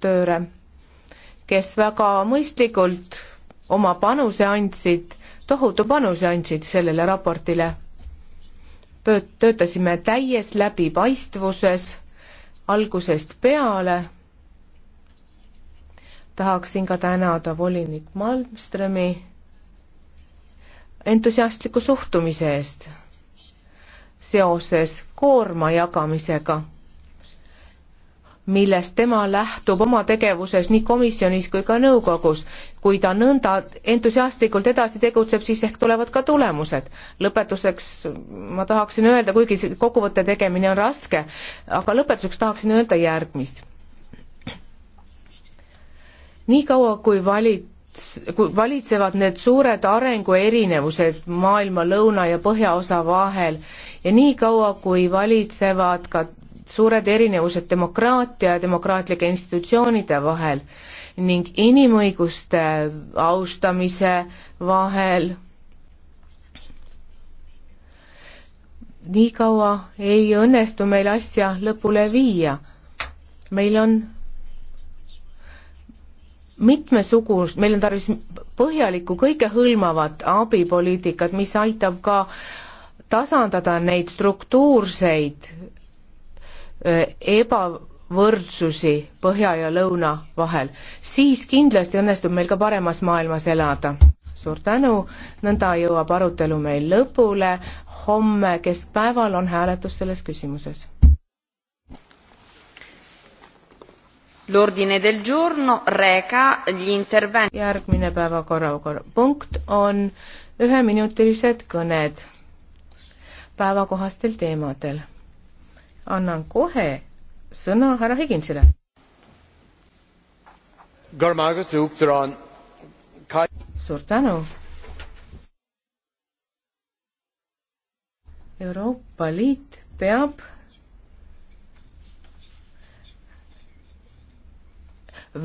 raportööre, kes väga mõistlikult oma panuse andsid, tohutu panuse andsid sellele raportile. töötasime täies läbipaistvuses algusest peale. tahaksin ka tänada volinik Malmströmi entusiastliku suhtumise eest seoses koorma jagamisega millest tema lähtub oma tegevuses nii komisjonis kui ka nõukogus. kui ta nõnda entusiastlikult edasi tegutseb, siis ehk tulevad ka tulemused. lõpetuseks ma tahaksin öelda, kuigi kokkuvõtte tegemine on raske, aga lõpetuseks tahaksin öelda järgmist. niikaua kui valits-, kui valitsevad need suured arenguerinevused maailma lõuna ja põhjaosa vahel ja niikaua kui valitsevad ka suured erinevused demokraatia ja demokraatlike institutsioonide vahel ning inimõiguste austamise vahel. niikaua ei õnnestu meil asja lõpule viia. meil on mitmesugust, meil on tarvis põhjalikku, kõikehõlmavat abipoliitikat, mis aitab ka tasandada neid struktuurseid ebavõrdsusi põhja ja lõuna vahel, siis kindlasti õnnestub meil ka paremas maailmas elada. suur tänu, nõnda jõuab arutelu meil lõpule, homme keskpäeval on hääletus selles küsimuses. L'ordine del giorno reca gli interventi. järgmine päevakorrapunkt on üheminutilised kõned päevakohastel teemadel annan kohe sõna härra Higinsile. suur tänu. Euroopa Liit peab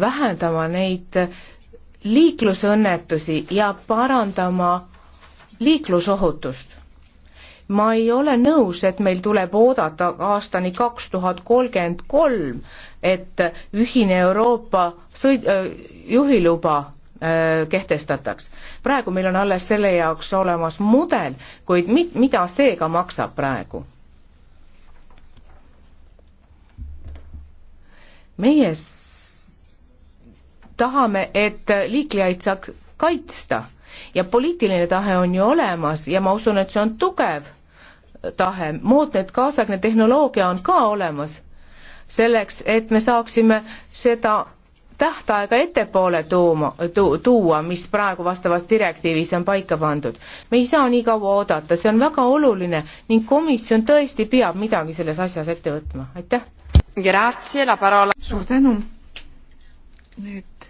vähendama neid liiklusõnnetusi ja parandama liiklusohutust ma ei ole nõus, et meil tuleb oodata aastani kaks tuhat kolmkümmend kolm, et ühine Euroopa sõid-, juhiluba kehtestataks. praegu meil on alles selle jaoks olemas mudel, kuid mi-, mida see ka maksab praegu? meie tahame, et liiklejaid saaks kaitsta ja poliitiline tahe on ju olemas ja ma usun, et see on tugev tahe, moodne, et kaasaegne tehnoloogia on ka olemas, selleks, et me saaksime seda tähtaega ettepoole tuuma tu,, tuua, mis praegu vastavas direktiivis on paika pandud. me ei saa nii kaua oodata, see on väga oluline ning komisjon tõesti peab midagi selles asjas ette võtma, aitäh. suur tänu. nüüd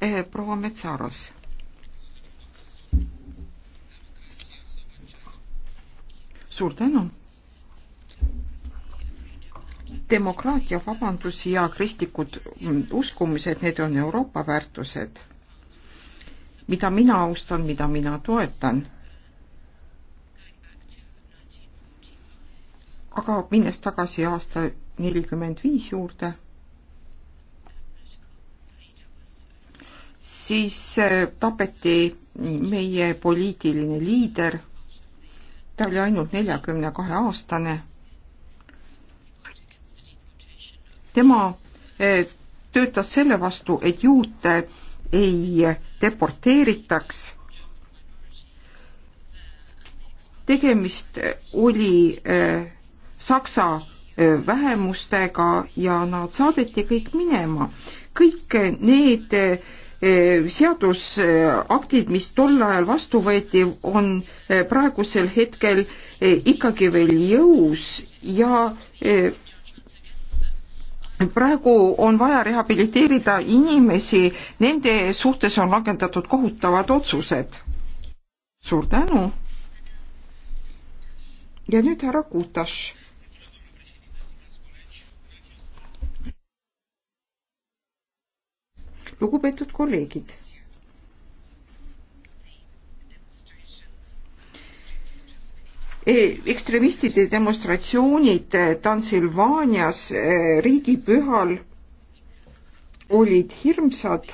eh, proua Metsaros suur tänu. demokraatia, vabandus ja kristlikud uskumised, need on Euroopa väärtused, mida mina austan, mida mina toetan aga minnes tagasi aasta nelikümmend viis juurde, siis äh, tapeti meie poliitiline liider ta oli ainult neljakümne kahe aastane. tema eh, töötas selle vastu, et juute ei deporteeritaks. tegemist oli eh, Saksa eh, vähemustega ja nad saadeti kõik minema. kõik need Äh, seadusaktid, mis tol ajal vastu võeti, on äh, praegusel hetkel äh, ikkagi veel jõus ja praegu on vaja rehabiliteerida inimesi, nende suhtes on langendatud kohutavad otsused. suur tänu. ja nüüd härra Kutas lugupeetud kolleegid. E, ekstremistide demonstratsioonid eh, Transilvaanias eh, riigipühal olid hirmsad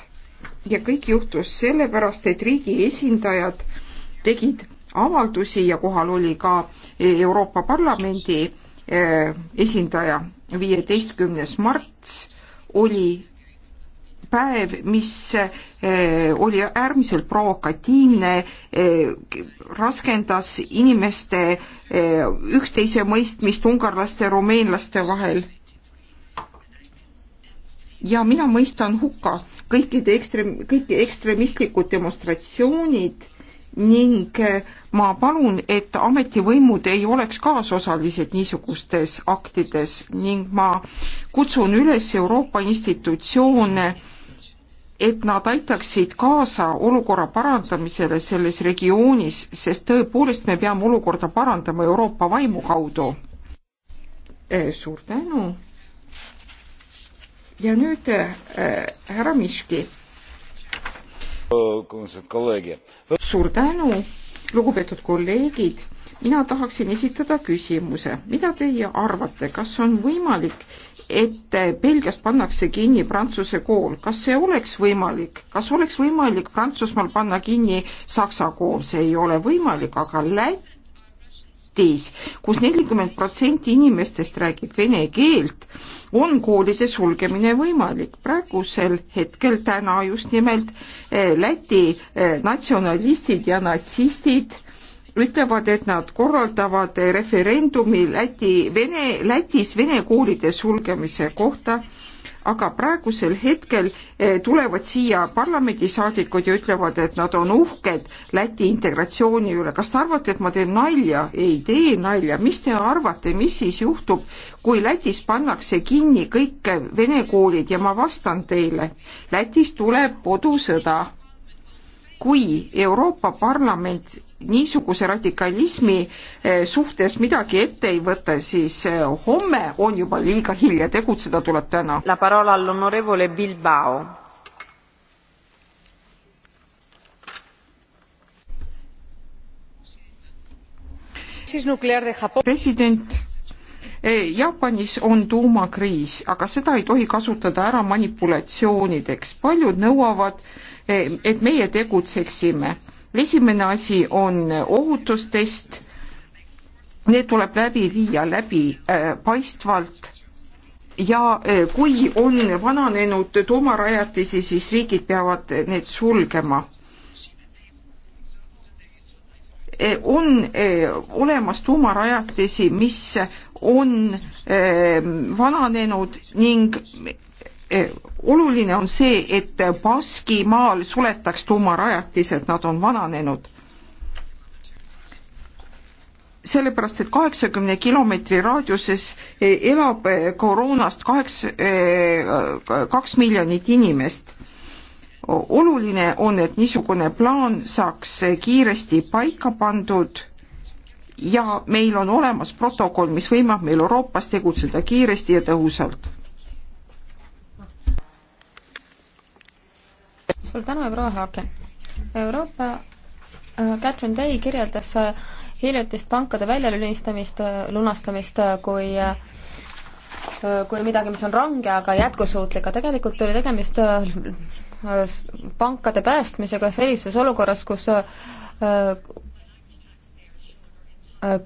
ja kõik juhtus sellepärast, et riigi esindajad tegid avaldusi ja kohal oli ka eh, Euroopa Parlamendi esindaja. viieteistkümnes marts oli päev, mis eh, oli äärmiselt provokatiivne, eh, raskendas inimeste eh, üksteise mõistmist ungarlaste ja rumeenlaste vahel. ja mina mõistan hukka kõikide ekstrem-, kõik ekstremistlikud demonstratsioonid ning ma palun, et ametivõimud ei oleks kaasosalised niisugustes aktides ning ma kutsun üles Euroopa institutsioone et nad aitaksid kaasa olukorra parandamisele selles regioonis, sest tõepoolest me peame olukorda parandama Euroopa vaimu kaudu. Eh, suur tänu. ja nüüd eh, härra äh, Miski. suur tänu, lugupeetud kolleegid. mina tahaksin esitada küsimuse, mida teie arvate, kas on võimalik et Belgias pannakse kinni Prantsuse kool, kas see oleks võimalik, kas oleks võimalik Prantsusmaal panna kinni Saksa kool, see ei ole võimalik, aga Lätis, kus nelikümmend protsenti inimestest räägib vene keelt, on koolide sulgemine võimalik. praegusel hetkel täna just nimelt eh, Läti eh, natsionalistid ja natsistid ütlevad, et nad korraldavad referendumi Läti, Vene, Lätis vene koolide sulgemise kohta, aga praegusel hetkel eh, tulevad siia parlamendisaadikud ja ütlevad, et nad on uhked Läti integratsiooni üle. kas te arvate, et ma teen nalja? ei tee nalja. mis te arvate, mis siis juhtub, kui Lätis pannakse kinni kõik vene koolid ja ma vastan teile, Lätis tuleb kodusõda kui Euroopa Parlament niisuguse radikalismi eh, suhtes midagi ette ei võta, siis eh, homme on juba liiga hilja, tegutseda tuleb täna. La parola all onorevole Bilbao. president, eh, Jaapanis on tuumakriis, aga seda ei tohi kasutada ära manipulatsioonideks. paljud nõuavad, et meie tegutseksime esimene asi on ohutustest. Need tuleb läbi viia läbi äh, paistvalt ja äh, kui on vananenud tuumarajatisi, siis riigid peavad need sulgema äh, on äh, olemas tuumarajatisi, mis on äh, vananenud ning Eh, oluline on see, et Baskimaal suletaks tuumarajatised, nad on vananenud. sellepärast, et kaheksakümne kilomeetri raadiuses eh, elab eh, koroonast kaheks, kaks miljonit inimest. oluline on, et niisugune plaan saaks kiiresti paika pandud ja meil on olemas protokoll, mis võimab meil Euroopas tegutseda kiiresti ja tõhusalt suur tänu ja proua Haaken. Euroopa äh, Catherine Day kirjeldas äh, hiljutist pankade väljalülistamist, äh, lunastamist kui kui midagi, mis on range, aga jätkusuutlik, aga tegelikult oli tegemist pankade päästmisega sellises olukorras, kus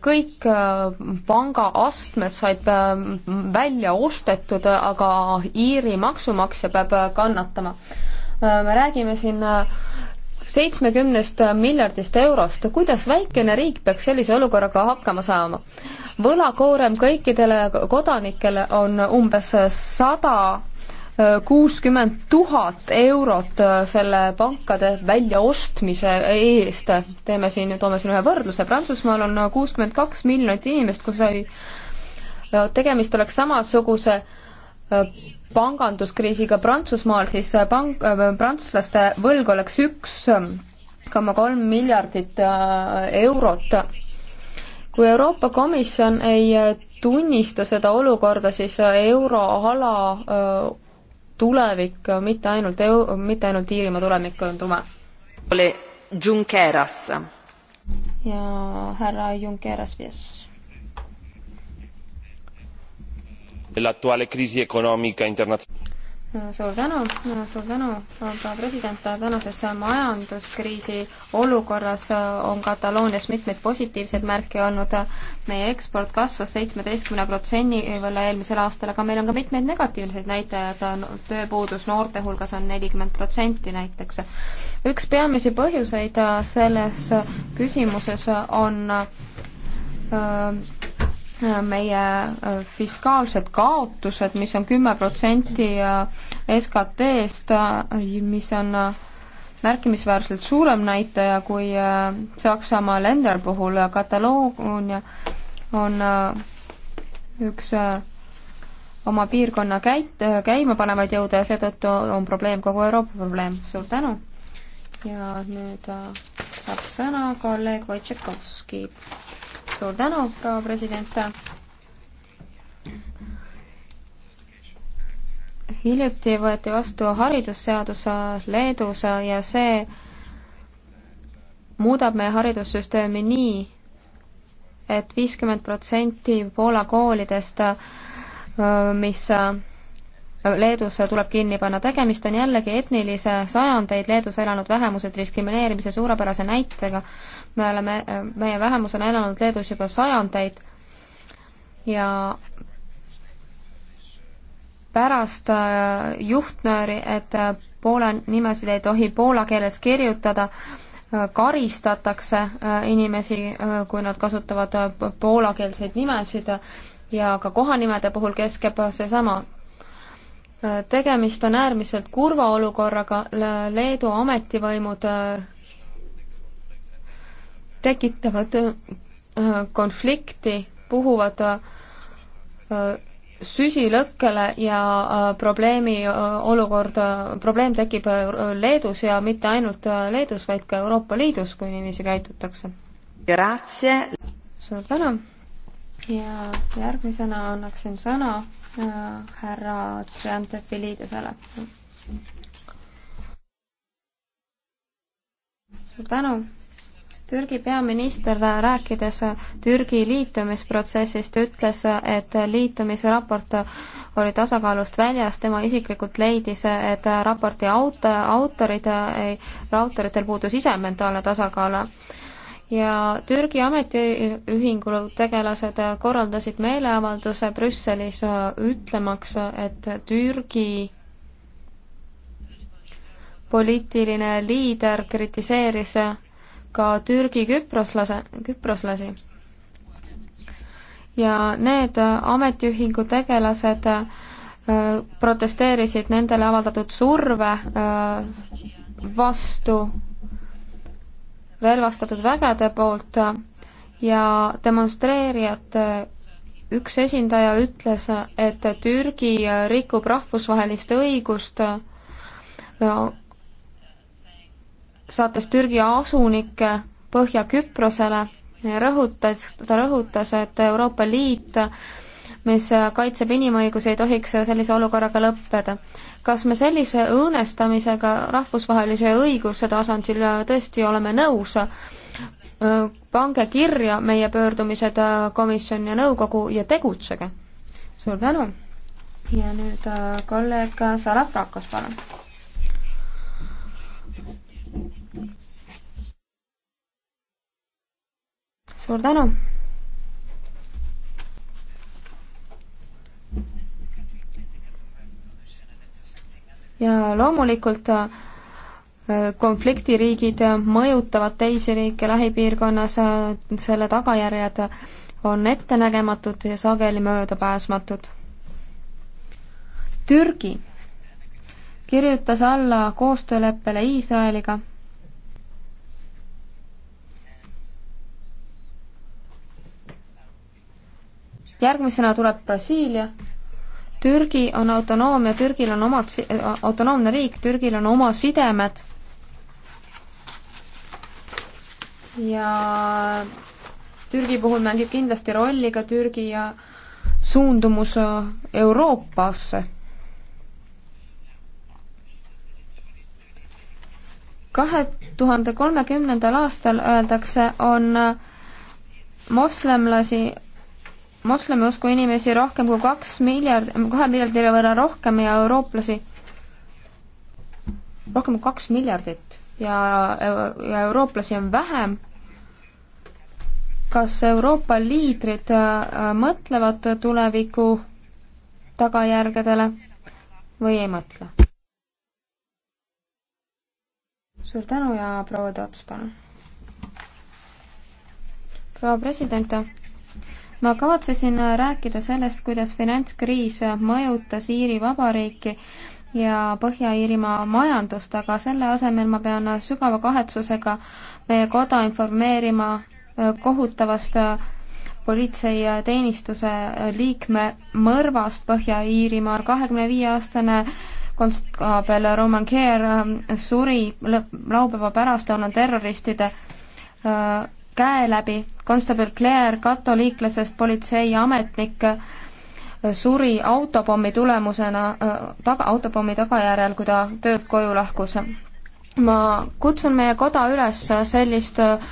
kõik pangaastmed said välja ostetud, aga Iiri maksumaksja peab kannatama Äh, me räägime siin äh, seitsmekümnest miljardist eurost, kuidas väikene riik peaks sellise olukorraga hakkama saama? võlakoorem kõikidele kodanikele on umbes sada äh, kuuskümmend tuhat eurot selle pankade väljaostmise eest. teeme siin, toome siin ühe võrdluse, Prantsusmaal on kuuskümmend kaks miljonit inimest, kus ei, tegemist oleks samasuguse panganduskriisiga Prantsusmaal, siis pang-, prantslaste võlg oleks üks koma kolm miljardit äh, eurot. kui Euroopa Komisjon ei tunnista seda olukorda, siis euroala äh, tulevik, mitte ainult eu-, mitte ainult Iirimaa tulevik on tume. ja härra Junkeras, yes dell'attuale crisi economica internazionale suur tänu, suur tänu, proua president, tänases majanduskriisi olukorras äh, on Kataloonias mitmeid positiivseid märke olnud. meie eksport kasvas seitsmeteistkümne protsendi võrra eelmisel aastal, aga meil on ka mitmeid negatiivseid näitajaid, tööpuudus noorte hulgas on nelikümmend protsenti näiteks. üks peamisi põhjuseid äh, selles küsimuses on öö, äh, meie äh, fiskaalsed kaotused, mis on kümme protsenti äh, SKT-st, äh, mis on märkimisväärselt suurem näitaja kui Saksamaa Länder puhul, Kataloonia on üks oma piirkonna käit-, käimapanevaid jõude ja seetõttu on probleem kogu Euroopa probleem. suur tänu! ja nüüd saab sõna kolleeg Wojtšekovski suur tänu, proua president. hiljuti võeti vastu haridusseadus Leedus ja see muudab meie haridussüsteemi nii, et viiskümmend protsenti Poola koolidest, mis Leedus tuleb kinni panna. tegemist on jällegi etnilise sajandeid Leedus elanud vähemuse diskrimineerimise suurepärase näitega. me oleme, meie vähemus on elanud Leedus juba sajandeid ja pärast äh, juhtnööri, et äh, Poola nimesid ei tohi poola keeles kirjutada, äh, karistatakse inimesi, kui nad kasutavad poolakeelseid nimesid ja ka kohanimede puhul keskeb seesama tegemist on äärmiselt kurva olukorraga, Leedu ametivõimud äh, tekitavad äh, konflikti, puhuvad äh, süsilõkkele ja probleemi olukord, probleem tekib Leedus ja mitte ainult Leedus, vaid ka Euroopa Liidus, kui niiviisi käitutakse. suur tänu ja järgmisena annaksin sõna Äh, härra Triantafilidesele. suur tänu. Türgi peaminister, äh, rääkides äh, Türgi liitumisprotsessist, ütles, et liitumisraport oli tasakaalust väljas, tema isiklikult leidis, et raporti auto, autorid, autoritel puudus ise mentaalne tasakaal ja Türgi ametiühingu tegelased korraldasid meeleavalduse Brüsselis äh, ütlemaks, et Türgi poliitiline liider kritiseeris ka Türgi küproslase, küproslasi. ja need ametiühingu tegelased äh, protesteerisid nendele avaldatud surve äh, vastu relvastatud vägede poolt ja demonstreerijate üks esindaja ütles, et Türgi rikub rahvusvahelist õigust, saates Türgi asunikke Põhja-Küprosele, rõhutas, ta rõhutas, et Euroopa Liit mis äh, kaitseb inimõigusi, ei tohiks äh, sellise olukorraga lõppeda. kas me sellise õõnestamisega rahvusvahelise õiguse tasandil äh, tõesti oleme nõus? pange kirja meie pöördumised komisjon ja nõukogu ja tegutsege. suur tänu. ja nüüd kolleeg Salafrakos, palun. suur tänu ja loomulikult äh, konfliktiriigid mõjutavad teisi riike lähipiirkonnas, äh, selle tagajärjed on ettenägematud ja sageli möödapääsmatud. Türgi kirjutas alla koostööleppele Iisraeliga järgmisena tuleb Brasiilia Türgi on autonoomia, Türgil on omad, autonoomne riik, Türgil on oma sidemed ja Türgi puhul mängib kindlasti rolli ka Türgi ja suundumus äh, Euroopasse. kahe tuhande kolmekümnendal aastal öeldakse, on äh, moslemlasi moslemiusku inimesi rohkem kui kaks miljard, kahe miljardi võrra rohkem ja eurooplasi rohkem kui kaks miljardit ja, ja eurooplasi on vähem. kas Euroopa liidrid äh, äh, mõtlevad tuleviku tagajärgedele või ei mõtle? suur tänu ja proua Toots, palun. proua president ma kavatsesin rääkida sellest, kuidas finantskriis mõjutas Iiri Vabariiki ja Põhja-Iirimaa majandust, aga selle asemel ma pean sügava kahetsusega meie koda informeerima kohutavast politseiteenistuse liikme mõrvast Põhja-Iirimaal. kahekümne viie aastane konstaabel Roman Keer suri laupäeva pärastlõunal terroristide käe läbi konstaabel Claire, katoliiklasest politseiametnik, äh, suri autopommi tulemusena, äh, taga, autopommi tagajärjel, kui ta töölt koju lahkus. ma kutsun meie koda üles sellist äh,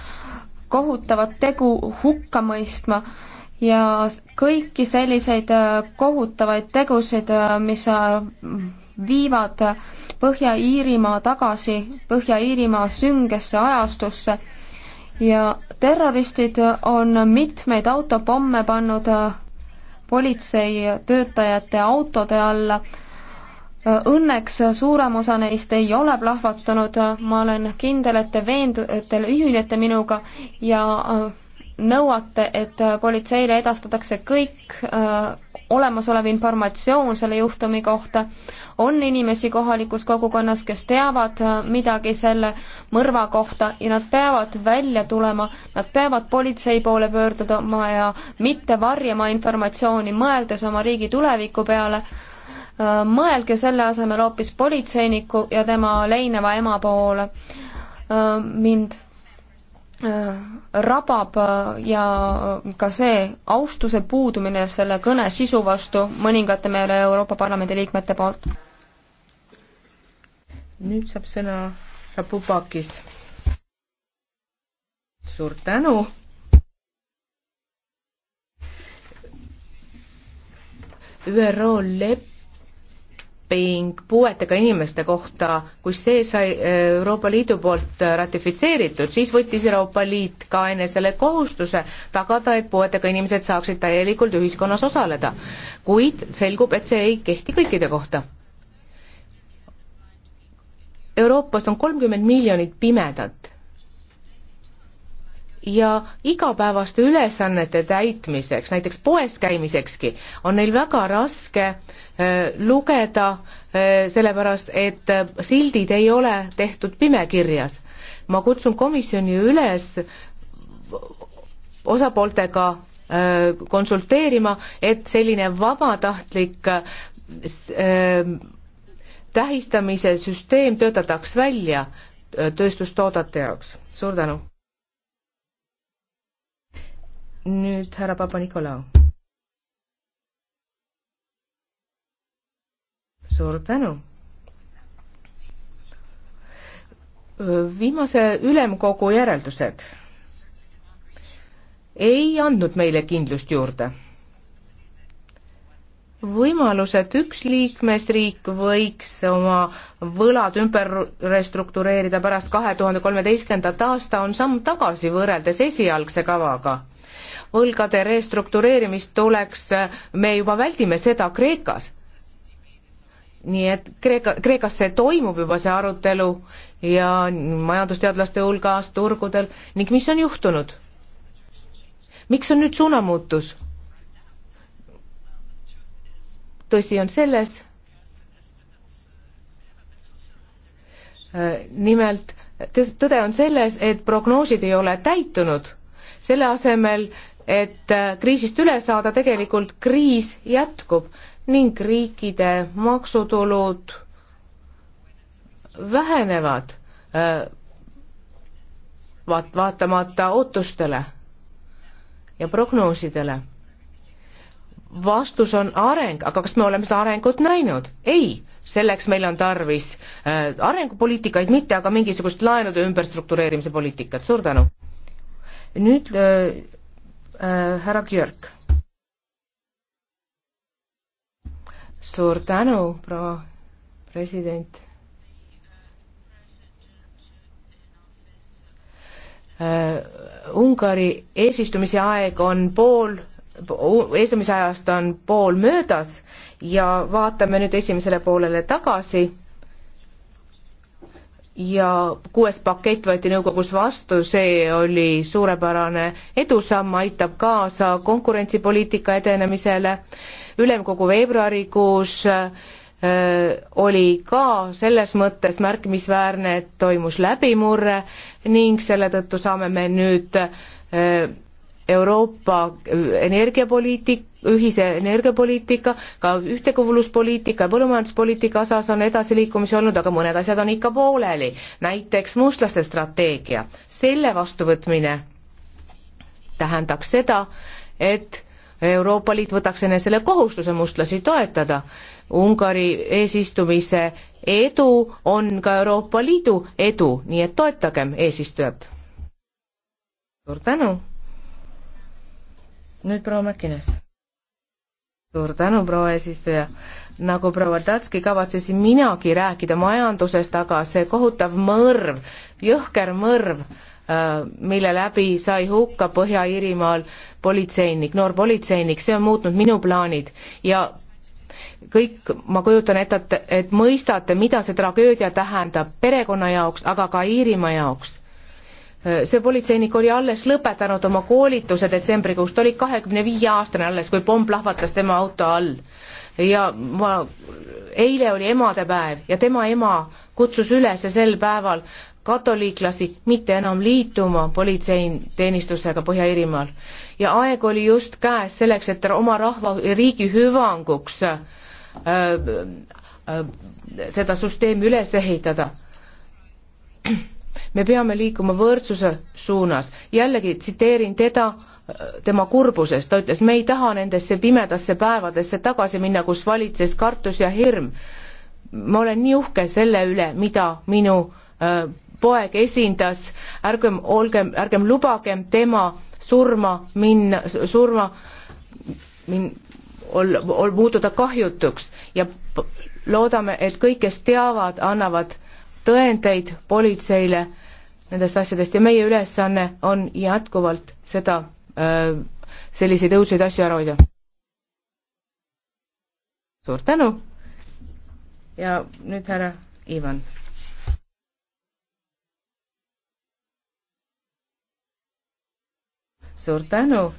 kohutavat tegu hukka mõistma ja kõiki selliseid kohutavaid tegusid, mis viivad Põhja-Iirimaa tagasi Põhja-Iirimaa süngesse ajastusse ja terroristid on mitmeid autopomme pannud äh, politseitöötajate autode alla. Äh, õnneks suurem osa neist ei ole plahvatanud, ma olen kindel, et te veendu-, et te ühinete minuga ja äh, nõuate, et politseile edastatakse kõik olemasolev informatsioon selle juhtumi kohta, on inimesi kohalikus kogukonnas, kes teavad äh, midagi selle mõrva kohta ja nad peavad välja tulema, nad peavad politsei poole pöörduma ja mitte varjama informatsiooni, mõeldes oma riigi tuleviku peale, äh, mõelge selle asemel hoopis politseiniku ja tema leineva ema poole. Äh, mind Äh, rabab äh, ja ka see austuse puudumine selle kõne sisu vastu mõningate meile Euroopa Parlamendi liikmete poolt. nüüd saab sõna Rapupakis. suur tänu. ÜRO lepp leping puuetega inimeste kohta, kui see sai äh, Euroopa Liidu poolt äh, ratifitseeritud, siis võttis Euroopa Liit ka enesele kohustuse tagada, et puuetega inimesed saaksid täielikult ühiskonnas osaleda. kuid selgub, et see ei kehti kõikide kohta. Euroopas on kolmkümmend miljonit pimedat ja igapäevaste ülesannete täitmiseks, näiteks poes käimisekski, on neil väga raske äh, lugeda äh,, sellepärast et äh, sildid ei ole tehtud pimekirjas. ma kutsun komisjoni üles osapooltega äh, konsulteerima, et selline vabatahtlik äh, tähistamise süsteem töötataks välja äh, tööstustoodete jaoks. suur tänu! nüüd härra Papa-Nikolau. suur tänu. viimase ülemkogu järeldused ei andnud meile kindlust juurde. võimalus, et üks liikmesriik võiks oma võlad ümber restruktureerida pärast kahe tuhande kolmeteistkümnendat aasta, on samm tagasi võrreldes esialgse kavaga võlgade restruktureerimist tuleks, me juba väldime seda Kreekas. nii et Kreeka, Kreekas see toimub juba, see arutelu ja majandusteadlaste hulgas, turgudel ning mis on juhtunud? miks on nüüd suunamuutus? tõsi on selles, nimelt tõde on selles, et prognoosid ei ole täitunud, selle asemel et äh, kriisist üle saada, tegelikult kriis jätkub ning riikide maksutulud vähenevad äh, vaat-, vaatamata ootustele ja prognoosidele. vastus on areng, aga kas me oleme seda arengut näinud? ei, selleks meil on tarvis äh, arengupoliitikaid mitte, aga mingisugust laenude ümberstruktureerimise poliitikat, suur tänu. nüüd äh, Äh, härra Björk. suur tänu, proua president Uh, Ungari eesistumise aeg on pool eesistumise ajast on pool möödas ja vaatame nüüd esimesele poolele tagasi ja kuues pakett võeti nõukogus vastu, see oli suurepärane edusamm, aitab kaasa konkurentsipoliitika edenemisele. ülemkogu veebruarikuus äh, oli ka selles mõttes märkimisväärne, et toimus läbimurre ning selle tõttu saame me nüüd äh, Euroopa energiapoliitik-, ühise energiapoliitika, ka ühtekuuluvuspoliitika ja põllumajanduspoliitika osas on edasiliikumisi olnud, aga mõned asjad on ikka pooleli. näiteks mustlaste strateegia, selle vastuvõtmine tähendaks seda, et Euroopa Liit võtaks enesele kohustuse mustlasi toetada. Ungari eesistumise edu on ka Euroopa Liidu edu, nii et toetagem eesistujat. suur tänu. nüüd proua Mäkkines suur tänu, proua eesistuja. nagu proua Tatski kavatsesin minagi rääkida majandusest, aga see kohutav mõrv, jõhker mõrv, äh, mille läbi sai hukka Põhja-Iirimaal politseinik, noor politseinik, see on muutnud minu plaanid ja kõik, ma kujutan ette, et mõistate, mida see tragöödia tähendab perekonna jaoks, aga ka Iirimaa jaoks Äh, see politseinik oli alles lõpetanud oma koolituse detsembrikuus, ta oli kahekümne viie aastane alles, kui pomm plahvatas tema auto all. ja ma, eile oli emadepäev ja tema ema kutsus üles sel päeval katoliiklasi mitte enam liituma politseiteenistusega Põhja-Iirimaal. ja aeg oli just käes selleks, et oma rahva ja riigi hüvanguks äh, äh, äh seda süsteemi üles ehitada me peame liikuma võrdsuse suunas. jällegi tsiteerin teda, äh, tema kurbusest, ta ütles, me ei taha nendesse pimedasse päevadesse tagasi minna, kus valitses kartus ja hirm. ma olen nii uhke selle üle, mida minu äh, poeg esindas, ärgem olgem, ärgem lubagem tema surma minna, surma min-, ol-, ol-, muutuda kahjutuks ja loodame, et kõik, kes teavad, annavad äh, tõendeid politseile nendest asjadest ja meie ülesanne on jätkuvalt seda, äh, selliseid õudseid asju ära hoida. suur tänu ja nüüd härra Ivan. suur tänu.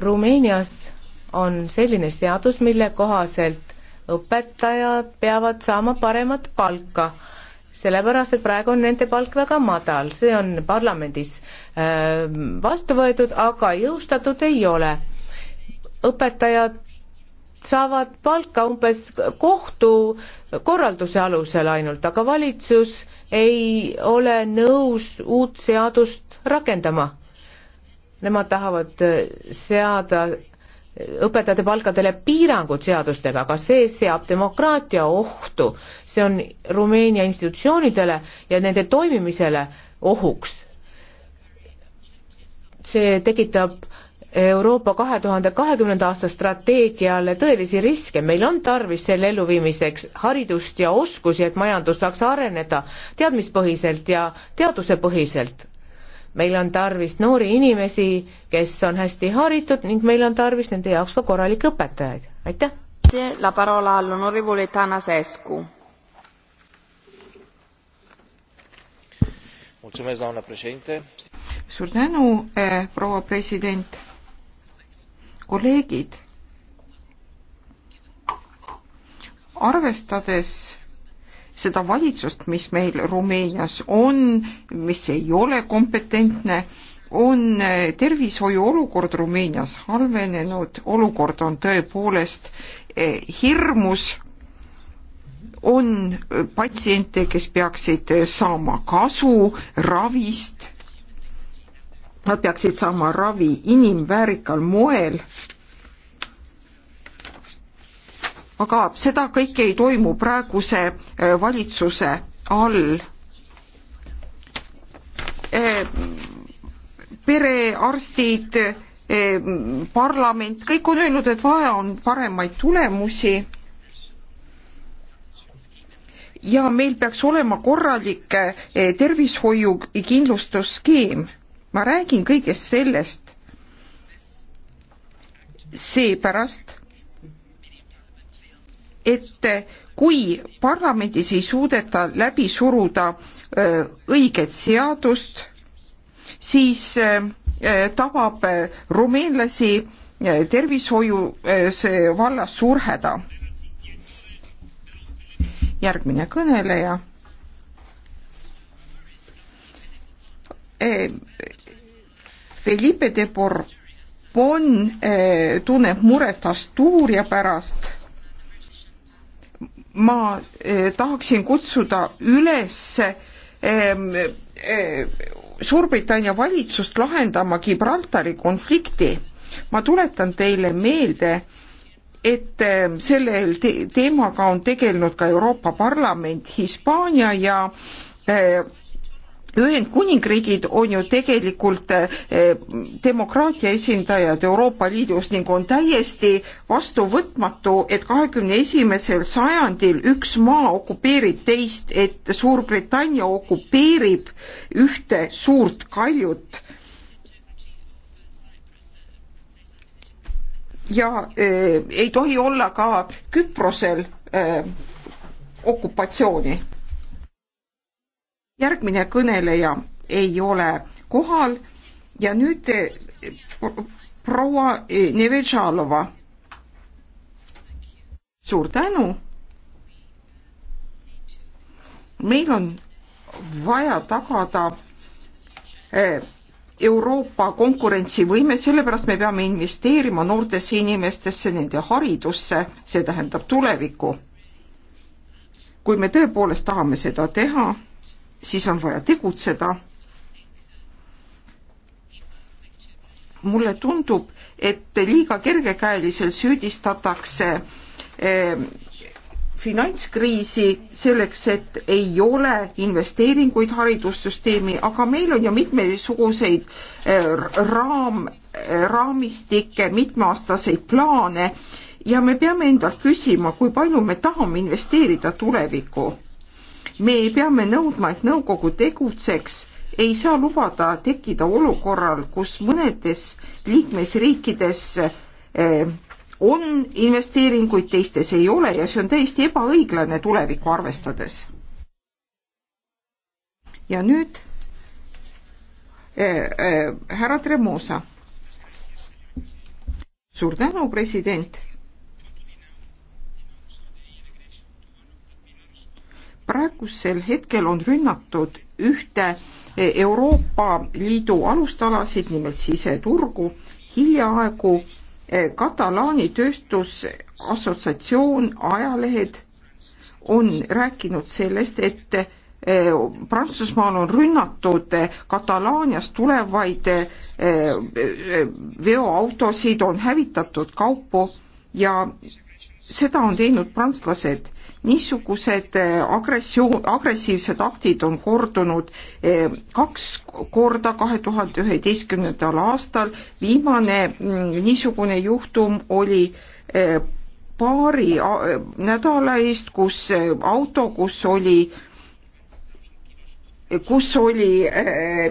Rumeenias on selline seadus, mille kohaselt õpetajad peavad saama paremat palka, sellepärast et praegu on nende palk väga madal, see on parlamendis äh, vastu võetud, aga jõustatud ei ole. õpetajad saavad palka umbes kohtukorralduse alusel ainult, aga valitsus ei ole nõus uut seadust rakendama. Nemad tahavad seada õpetajate palkadele piirangud seadustega, aga see seab demokraatia ohtu, see on Rumeenia institutsioonidele ja nende toimimisele ohuks. see tekitab Euroopa kahe tuhande kahekümnenda aasta strateegiale tõelisi riske, meil on tarvis selle elluviimiseks haridust ja oskusi, et majandus saaks areneda teadmispõhiselt ja teadusepõhiselt meil on tarvis noori inimesi, kes on hästi haritud ning meil on tarvis nende jaoks ka korralikke õpetajaid, aitäh! La parola all'onorevole Tanasescu. Mulțumesc, doamnă președinte. Suur tänu, eh, proua president. Kolleegid, arvestades seda valitsust, mis meil Rumeenias on, mis ei ole kompetentne, on tervishoiu olukord Rumeenias halvenenud, olukord on tõepoolest eh, hirmus, on patsiente, kes peaksid saama kasu ravist, nad peaksid saama ravi inimväärikal moel aga seda kõike ei toimu praeguse äh, valitsuse all. Äh, perearstid, äh, parlament, kõik on öelnud, et vaja on paremaid tulemusi ja meil peaks olema korralik tervishoiukindlustusskeem. ma räägin kõigest sellest seepärast, et kui parlamendis ei suudeta läbi suruda õiget seadust, siis tabab rumeenlasi tervishoiu vallas suur häda. järgmine kõneleja. Felipe de Bourbon tunneb muret Astuuria pärast ma eh, tahaksin kutsuda üles ehm, eh, Suurbritannia valitsust lahendama Gibraltari konflikti. ma tuletan teile meelde, et ehm, selle te teemaga on tegelenud ka Euroopa Parlament, Hispaania ja eh, Ühendkuningriigid on ju tegelikult eh, demokraatia esindajad Euroopa Liidus ning on täiesti vastuvõtmatu, et kahekümne esimesel sajandil üks maa okupeerib teist, et Suurbritannia okupeerib ühte suurt kaljut ja äh, ei tohi olla ka Küprosel äh, okupatsiooni järgmine kõneleja ei ole kohal ja nüüd proua Nevedžalova. suur tänu. meil on vaja tagada eh, Euroopa konkurentsivõime, sellepärast me peame investeerima noortesse inimestesse, nende haridusse, see tähendab tulevikku. kui me tõepoolest tahame seda teha siis on vaja tegutseda. mulle tundub, et liiga kergekäeliselt süüdistatakse eh, finantskriisi selleks, et ei ole investeeringuid haridussüsteemi, aga meil on ju mitmesuguseid eh, raam, eh, raamistikke, mitmeaastaseid plaane ja me peame endalt küsima, kui palju me tahame investeerida tulevikku me peame nõudma, et nõukogu tegutseks, ei saa lubada tekkida olukorral, kus mõnedes liikmesriikides eh, on investeeringuid, teistes ei ole ja see on täiesti ebaõiglane tulevikku arvestades. ja nüüd eh, eh, härra Tremosa. suur tänu, president praegusel hetkel on rünnatud ühte Euroopa Liidu alustalasid, nimelt siseturgu, hiljaaegu eh, Katalaani tööstusassotsiatsioon, ajalehed on rääkinud sellest, et eh, Prantsusmaal on rünnatud eh, Katalaaniast tulevaid veoautosid, on hävitatud kaupu ja seda on teinud prantslased. niisugused eh, agressioon, agressiivsed aktid on kordunud eh, kaks korda kahe tuhande üheteistkümnendal aastal, viimane mm, niisugune juhtum oli eh, paari nädala eest, kus auto, kus oli kus oli,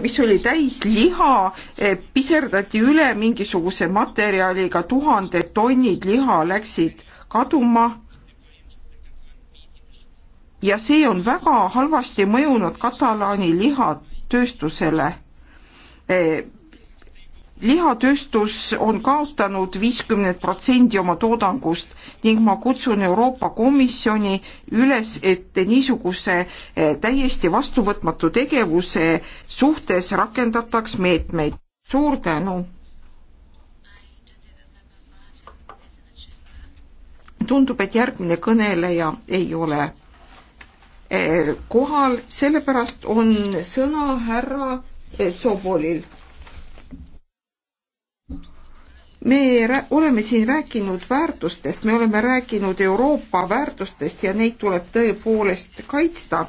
mis oli täis liha, piserdati üle mingisuguse materjaliga, tuhanded tonnid liha läksid kaduma ja see on väga halvasti mõjunud Katalaani lihatööstusele. E, lihatööstus on kaotanud viiskümmend protsendi oma toodangust ning ma kutsun Euroopa Komisjoni üles, et niisuguse e, täiesti vastuvõtmatu tegevuse suhtes rakendataks meetmeid. suur tänu! tundub, et järgmine kõneleja ei ole eh, kohal, sellepärast on sõna härra eh, Sobolil. me oleme siin rääkinud väärtustest, me oleme rääkinud Euroopa väärtustest ja neid tuleb tõepoolest kaitsta.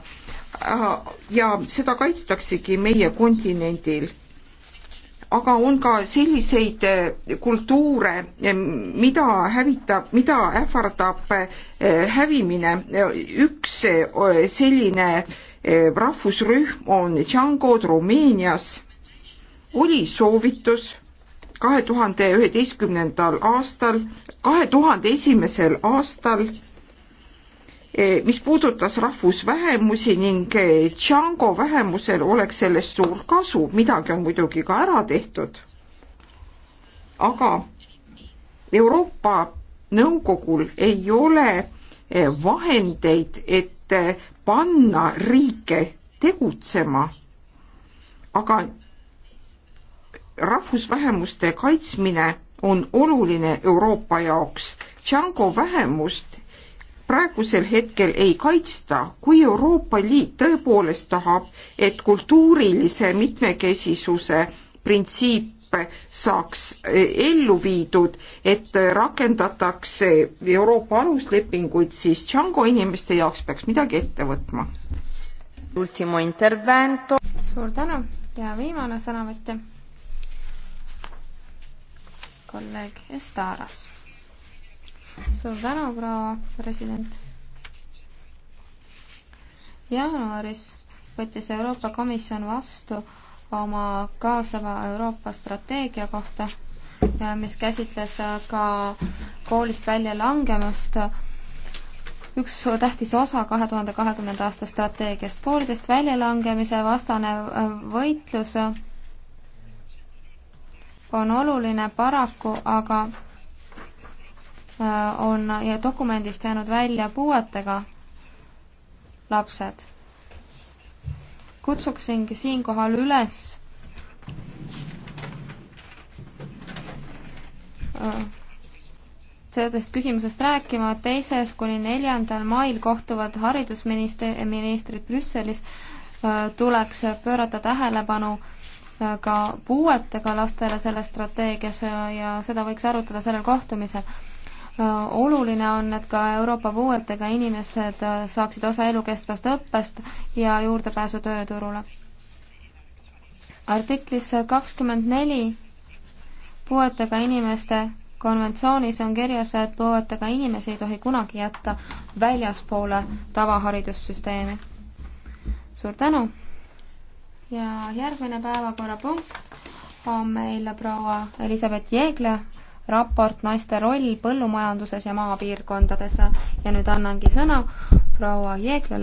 Ah, ja seda kaitstaksegi meie kontinendil aga on ka selliseid eh, kultuure, eh, mida hävitab, mida ähvardab eh, hävimine. üks selline rahvusrühm on Džangod Rumeenias. oli soovitus kahe tuhande üheteistkümnendal aastal, kahe tuhande esimesel aastal Eh, mis puudutas rahvusvähemusi ning eh, Django vähemusel oleks sellest suur kasu, midagi on muidugi ka ära tehtud. aga Euroopa Nõukogul ei ole eh, vahendeid, et panna riike tegutsema. aga rahvusvähemuste kaitsmine on oluline Euroopa jaoks. Django vähemust praegusel hetkel ei kaitsta, kui Euroopa Liit tõepoolest tahab, et kultuurilise mitmekesisuse printsiip saaks eh, ellu viidud, et rakendatakse Euroopa aluslepinguid, siis Django inimeste jaoks peaks midagi ette võtma. suur tänu ja viimane sõnavõtja. kolleeg Estaras suur tänu, proua president. jaanuaris võttis Euroopa Komisjon vastu oma kaasava Euroopa strateegia kohta, mis käsitles ka koolist välja langemast üks tähtis osa kahe tuhande kahekümnenda aasta strateegiast. koolidest väljalangemise vastane äh, võitlus on oluline paraku, aga Äh, on dokumendist jäänud välja puuetega lapsed. kutsuksingi siinkohal üles äh, sellest küsimusest rääkima, teises kuni neljandal mail kohtuvad haridusministrid Brüsselis, äh, tuleks pöörata tähelepanu ka puuetega lastele selles strateegias ja seda võiks arutada sellel kohtumisel Äh, oluline on, et ka Euroopa puuetega inimesed äh, saaksid osa elukestvast õppest ja juurdepääsu tööturule. artiklis kakskümmend neli puuetega inimeste konventsioonis on kirjas, et puuetega inimesi ei tohi kunagi jätta väljaspoole tavaharidussüsteemi. suur tänu! ja järgmine päevakorrapunkt on meil proua Elizabeth Jeegla raport Naiste roll põllumajanduses ja maapiirkondades ja nüüd annangi sõna proua Jeeglele